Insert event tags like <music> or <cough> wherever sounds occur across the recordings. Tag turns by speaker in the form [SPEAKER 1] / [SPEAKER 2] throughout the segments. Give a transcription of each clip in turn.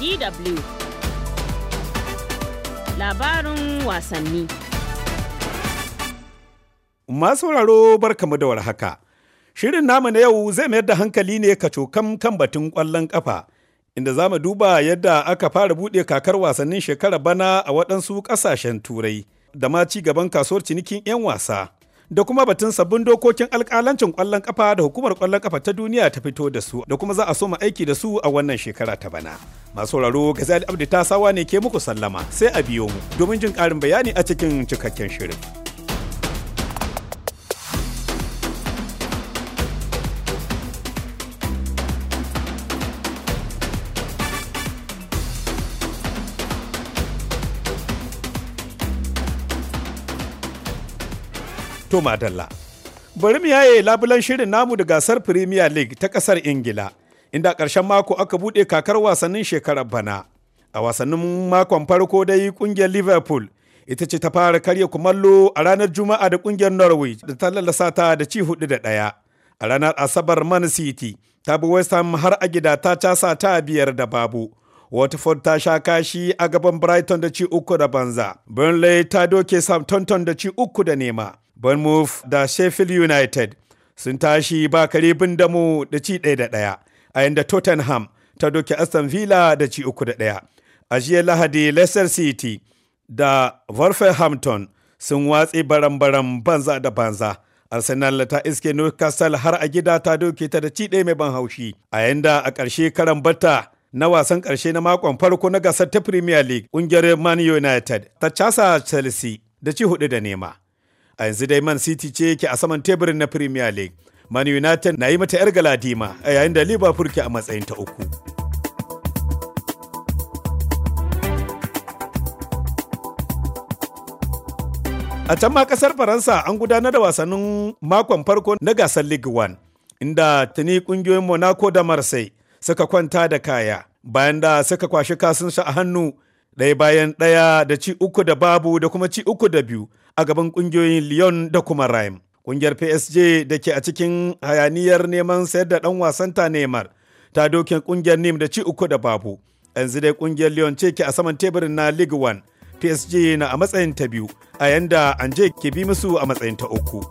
[SPEAKER 1] DW Labarin wasanni Masu sauraro barkamu da warhaka. Shirin namu na yau zai mayar da hankali ne kacokam kan batun ƙwallon ƙafa, inda za mu duba yadda aka fara buɗe kakar wasannin shekara bana a waɗansu ƙasashen turai, da ma ci gaban kasuwar cinikin 'yan wasa. da kuma batun sabbin dokokin alkalancin kwallon kafa da hukumar kwallon kafa ta duniya ta fito da su da kuma za a soma aiki da su a wannan shekara ta bana masu sauraro gazali abdi ta sawa ne ke muku sallama sai a biyo mu domin jin karin bayani a cikin cikakken shirin To madalla. Bari mu yaye labulan shirin namu da gasar Premier League ta ƙasar Ingila, inda ƙarshen mako aka buɗe kakar wasannin shekarar bana. A wasannin makon farko dai ƙungiyar Liverpool ita ce ta fara karya kumallo a ranar Juma'a da ƙungiyar Norwich da ta lalasa ta da ci hudu da ɗaya. A ranar Asabar Man City ta bi West Ham har a gida ta casa ta biyar da babu. Watford ta sha kashi a gaban Brighton da ci uku da banza. Burnley ta doke Southampton da ci uku da nema. Bournemouth da Sheffield United sun tashi ba karibin da damu da ci ɗaya da ɗaya a yanda Tottenham ta doke Aston Villa da ci uku da ɗaya. A jiya Lahadi Leicester City da Wolverhampton sun watsi baram-baram banza da banza. Arsenal ta iske Newcastle har a gida ta doke ta da ci ɗaya mai ban haushi a yanda a ƙarshe karan bata na wasan ƙarshe na makon farko na gasar ta Premier League ƙungiyar Man United ta casa Chelsea da ci hudu da nema. a yanzu dai man city ce yake a saman teburin na premier league man united na yi mata 'yar galadima a yayin da liverpool ke a matsayin ta uku a can ma kasar faransa an gudanar da wasannin makon farko na gasar league one inda tuni kungiyoyin monaco da marseille suka kwanta da kaya bayan da suka kwashi kasunsa a hannu ɗaya bayan ɗaya da ci uku da babu da kuma ci uku da biyu a gaban kungiyoyin Lyon da kuma Rhyme. Kungiyar PSG da ke a cikin hayaniyar neman sayar da ɗan wasanta Neymar ta doke kungiyar Nim da ci uku da babu. Yanzu dai kungiyar Lyon ce ke a saman teburin na Ligue 1. PSG na a matsayin ta biyu a yanda Anje ke bi musu a matsayin ta uku.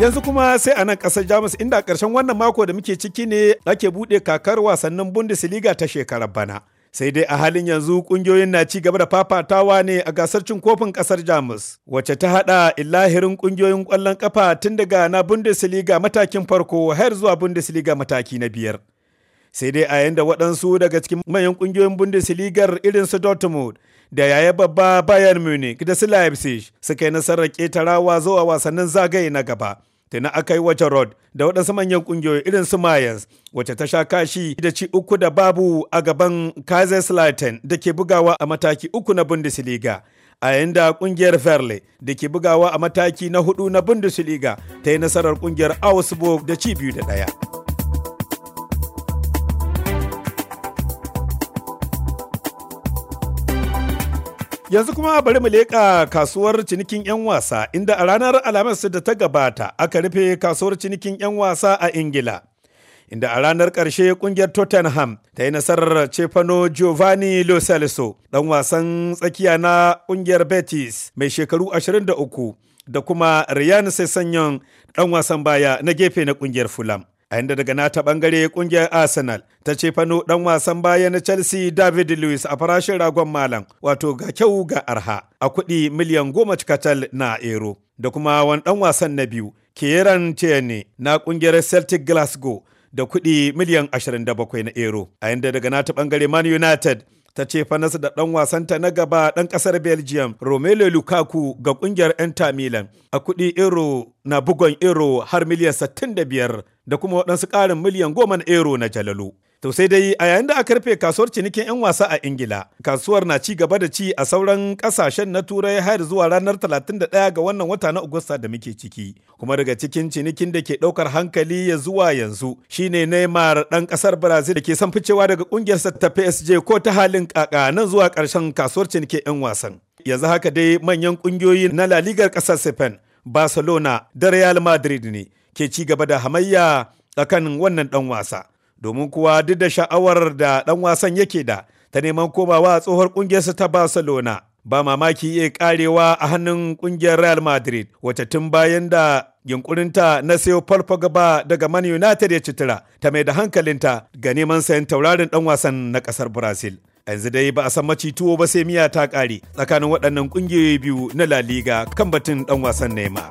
[SPEAKER 1] Yanzu kuma sai a nan ƙasar Jamus inda ƙarshen wannan mako da muke ciki ne ake buɗe kakar wasannin Bundesliga ta shekarar bana. sai dai a halin yanzu kungiyoyin na ci gaba da fafatawa ne a gasar cin kofin kasar jamus wacce ta hada illahirin kungiyoyin kwallon kafa tun daga na bundesliga matakin farko har zuwa bundesliga mataki na biyar sai dai a yanda waɗansu daga cikin manyan kungiyoyin bundesliga irin su dortmund da yaya babba bayern munich da su leipzig suka yi nasarar ketarawa zuwa wasannin zagaye na gaba na aka yi wace rod da waɗansu manyan ƙungiyoyi irin su mayans wacce ta sha kashi da ci uku da babu a gaban kaiserslautern da ke bugawa a mataki uku na bundesliga a yayin da ƙungiyar verle da ke bugawa a mataki na hudu na bundesliga ta yi nasarar ƙungiyar augsburg da ci biyu da ɗaya. Yanzu kuma bari mu leƙa kasuwar cinikin 'yan wasa inda a ranar Alhamis da ta gabata aka rufe kasuwar cinikin 'yan wasa a Ingila. Inda a ranar ƙarshe ƙungiyar Tottenham ta yi nasarar cefano Giovanni Lo Celso, ɗan wasan tsakiya na ƙungiyar Betis mai shekaru 23 da kuma Ryan Sessegnon ɗan wasan baya na gefe na ƙungiyar Fulham. a inda daga nata bangare kungiyar arsenal ta ce fano dan wasan baya na chelsea david lewis a farashin ragon malam wato ga kyau ga arha a kudi miliyan goma cikatal na ero da kuma wani dan wasan na biyu kieran tierney na kungiyar celtic glasgow da kudi miliyan 27 na ero a inda daga nata bangare man united ta ce fanasa da ɗan wasanta na gaba dan kasar belgium romelu lukaku ga kungiyar inter milan a kudi euro na bugon euro har miliyan 65 da kuma waɗansu ƙarin miliyan goma na ero na jalalu. To sai dai a yayin da aka rufe kasuwar cinikin 'yan wasa a Ingila, kasuwar na ci gaba da ci a sauran ƙasashen na Turai har zuwa ranar 31 ga wannan wata na Agusta da muke ciki. Kuma daga cikin cinikin da ke ɗaukar hankali ya zuwa yanzu ne Neymar ɗan ƙasar Brazil da ke son ficewa daga ƙungiyarsa ta PSG ko ta halin ƙaƙa nan zuwa ƙarshen kasuwar cinikin 'yan wasan. Yanzu haka dai manyan ƙungiyoyi na laligar ƙasar Spain barcelona da real madrid ne ke ci gaba da hamayya tsakanin wannan ɗan wasa domin kuwa duk da sha'awar da ɗan wasan yake da ta neman komawa tsohuwar ƙungiyarsa ta barcelona ba mamaki iya karewa a hannun ƙungiyar real madrid wacce tun bayan da yunkurinta na sayo paul pogba daga man united ya citira ta mai da hankalinta ga neman sayan taurarin ɗan wasan na ƙasar brazil yanzu dai ba a san maci tuwo ba sai miya ta kare tsakanin waɗannan ƙungiyoyi biyu na La Liga kan batun ɗan wasan nema.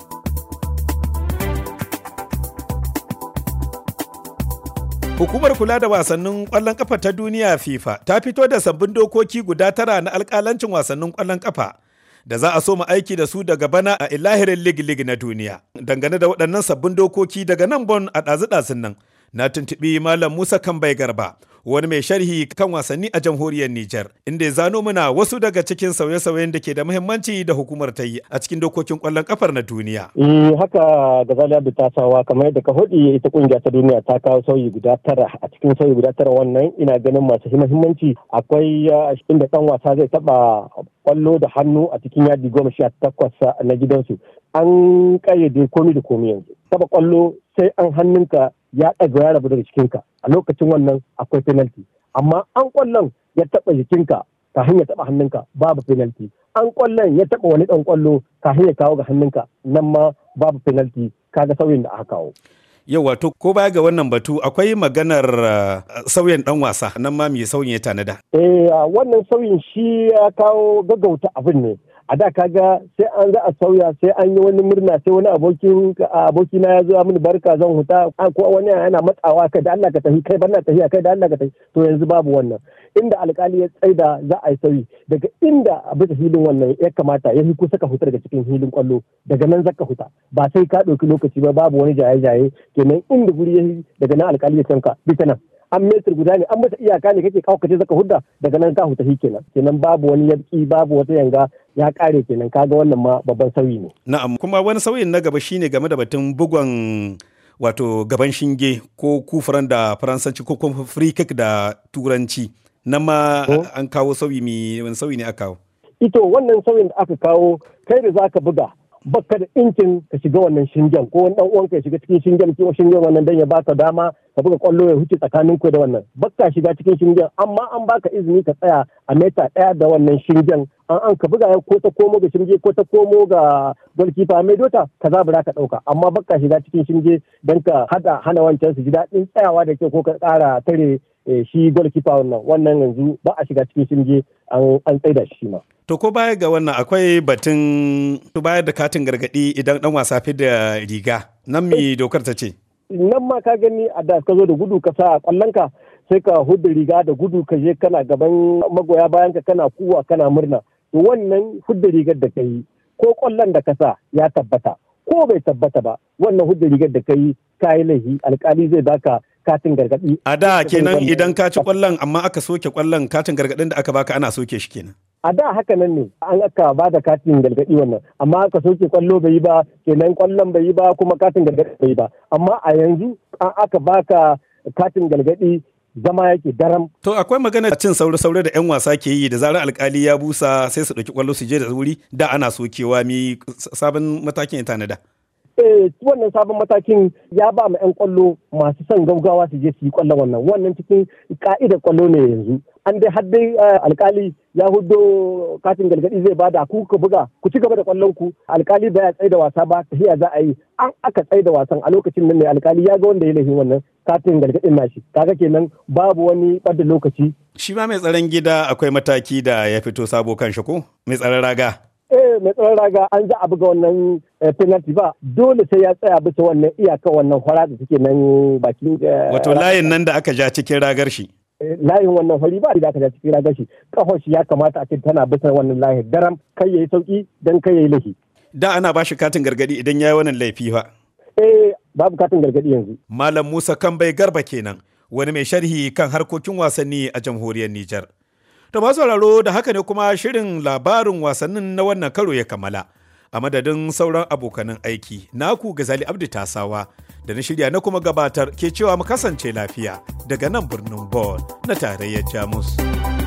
[SPEAKER 1] Hukumar kula da wasannin ƙwallon ƙafa ta duniya FIFA ta fito da sabbin dokoki guda tara na alƙalancin wasannin ƙwallon ƙafa da za a so mu aiki da su daga bana a ilahirin lig-lig na duniya. Dangane da waɗannan sabbin dokoki daga nan bon a ɗazu-ɗazun nan, na tuntuɓi Malam Musa Kambai Garba, wani mai sharhi kan wasanni a jamhuriyar Nijar, inda ya zano mana wasu daga cikin sauye-sauyen da ke da muhimmanci da hukumar ta yi a cikin dokokin kwallon kafar na duniya.
[SPEAKER 2] Eh haka da zaliya da tasawa kamar yadda ka hudi ita kungiya ta duniya ta kawo sauyi guda tara a cikin sauyi guda tara wannan ina ganin masu muhimmanci akwai ah, inda kan wasa zai taɓa kwallo da hannu a cikin yadi goma sha takwas ah, na gidansu an kayyade komi da komi yanzu taba kwallo sai an hannunka ya ɗaga ya rabu daga cikinka a lokacin wannan akwai penalty amma an kwallon ya taba jikinka kafin ya taba hannunka babu penalty an kwallon ya taba wani ɗan kwallo kafin ya kawo ga hannunka nan ma babu penalty kaga sauyin da aka kawo
[SPEAKER 1] yau wato ko baya ga wannan batu akwai maganar uh, sauyin dan wasa nan ma mai sauyin ya tanada
[SPEAKER 2] eh wannan sauyin shi ya kawo gaggauta abin ne a da kaga sai an za a sauya sai an yi wani murna sai wani abokin aboki na ya zo ya mini barka zan huta ko wani yana matsawa kai da Allah ka tafi kai banna tafiya kai da Allah ka tafi to yanzu babu wannan inda alkali ya tsaida za a yi sauyi daga inda a bisa filin wannan ya kamata ya kusa ka huta daga cikin filin kwallo daga nan zaka huta ba sai ka ɗauki lokaci ba babu wani jaye-jaye kenan inda guri ya daga nan alkali ya canka bisa nan an metir guda ne an mata iyaka ne kake kawo kace zaka hudda daga nan ka huta shikenan kenan babu wani yabki babu wata yanga ya kare kenan kaga wannan ma babban sauyi ne
[SPEAKER 1] na'am kuma wani sauyin na gaba shine game da batun bugon wato gaban shinge ko kufuran da faransanci ko kuma free kick da turanci nan ma oh. an kawo sauyi mai wani sauyi ne aka kawo
[SPEAKER 2] ito wannan sauyin da aka kawo kai da zaka buga baka da incin ka shiga wannan shingen ko wani dan uwanka ya shiga cikin shingen ko shingen wannan dan ya baka dama ka buga kwallo ya huce tsakanin ku da wannan baka shiga cikin shingen amma an baka izini ka tsaya a meta daya da wannan shingen an an ka buga ya ko ta komo ga shinge ko ta komo ga golkifa mai dota ka zabura ka dauka amma baka shiga cikin shinge dan ka hada hana wancan su ji daɗin tsayawa da kyau ko ka kara tare eh, shi golkifa wannan wannan yanzu ba a shiga cikin shinge an tsaida shi ma
[SPEAKER 1] To ko baya ga wannan akwai batun bayar da katin gargadi idan dan wasa fi da riga nan mi dokar ta ce.
[SPEAKER 2] Nan ma ka gani a da ka zo da gudu ka sa a ka sai ka hudu riga da gudu ka je kana gaban magoya bayan ka kana kuwa kana murna. To wannan hudu rigar da ka ko kwallon da ka sa ya tabbata ko bai tabbata ba wannan hudu rigar da ka yi ka yi laifi alkali zai baka katin gargadi. A da kenan
[SPEAKER 1] idan ka ci kwallon <laughs> amma aka soke kwallon katin gargadin da aka baka ana soke shi kenan.
[SPEAKER 2] a da haka nan ne an aka ba da katin gargaɗi wannan amma aka soke kwallo bai yi ba kenan kwallon bai yi ba kuma katin gargaɗi bai yi ba amma a yanzu an aka baka katin gargaɗi zama yake daram.
[SPEAKER 1] To akwai magana cin saure-saure da 'yan wasa ke yi da zarar alkali ya busa sai su ɗauki kwallo su je da wuri da ana sokewa mi sabon matakin ya tanada.
[SPEAKER 2] Eh, wannan sabon matakin ya ba mu 'yan kwallo masu son gaugawa su je su yi kwallon wannan wannan cikin ka'idar kwallo ne yanzu an dai har dai eh, alkali ya hudo katin gargadi zai bada ku ka buga ku ci gaba da kwallon ku alkali ba ya tsaida wasa ba tafiya za a yi an aka tsaida wasan a lokacin nan ne alkali ya ga wanda ya laifin wannan katin gargadin nashi kaga kenan babu wani ɓadda lokaci shi
[SPEAKER 1] ma mai tsaron gida akwai mataki da ya fito sabo kan shi ko mai tsaron raga
[SPEAKER 2] eh mai tsaron raga an za a buga wannan eh, penalty ba dole sai ya tsaya bisa wannan iyaka wannan fara da suke nan bakin eh, wato
[SPEAKER 1] layin nan da aka ja cikin ragar shi
[SPEAKER 2] eh, layin wannan fari ba da aka ja cikin ragar shi kafa shi ya kamata a ce tana bisa wannan layin daram kai yayi sauki dan kai yayi lahi
[SPEAKER 1] da ana bashi katin gargadi idan yayi wannan laifi ba.
[SPEAKER 2] eh babu katin gargadi yanzu
[SPEAKER 1] malam Musa Kambai Garba kenan wani mai sharhi kan harkokin wasanni a jamhuriyar Nijar Da masu sauraro da haka ne kuma shirin labarin wasannin na wannan karo ya kammala. A madadin sauran abokanan aiki, naku Gazali Abdi Tasawa da na shirya na kuma gabatar ke cewa mu kasance lafiya daga nan birnin Bonn na tarayyar Jamus.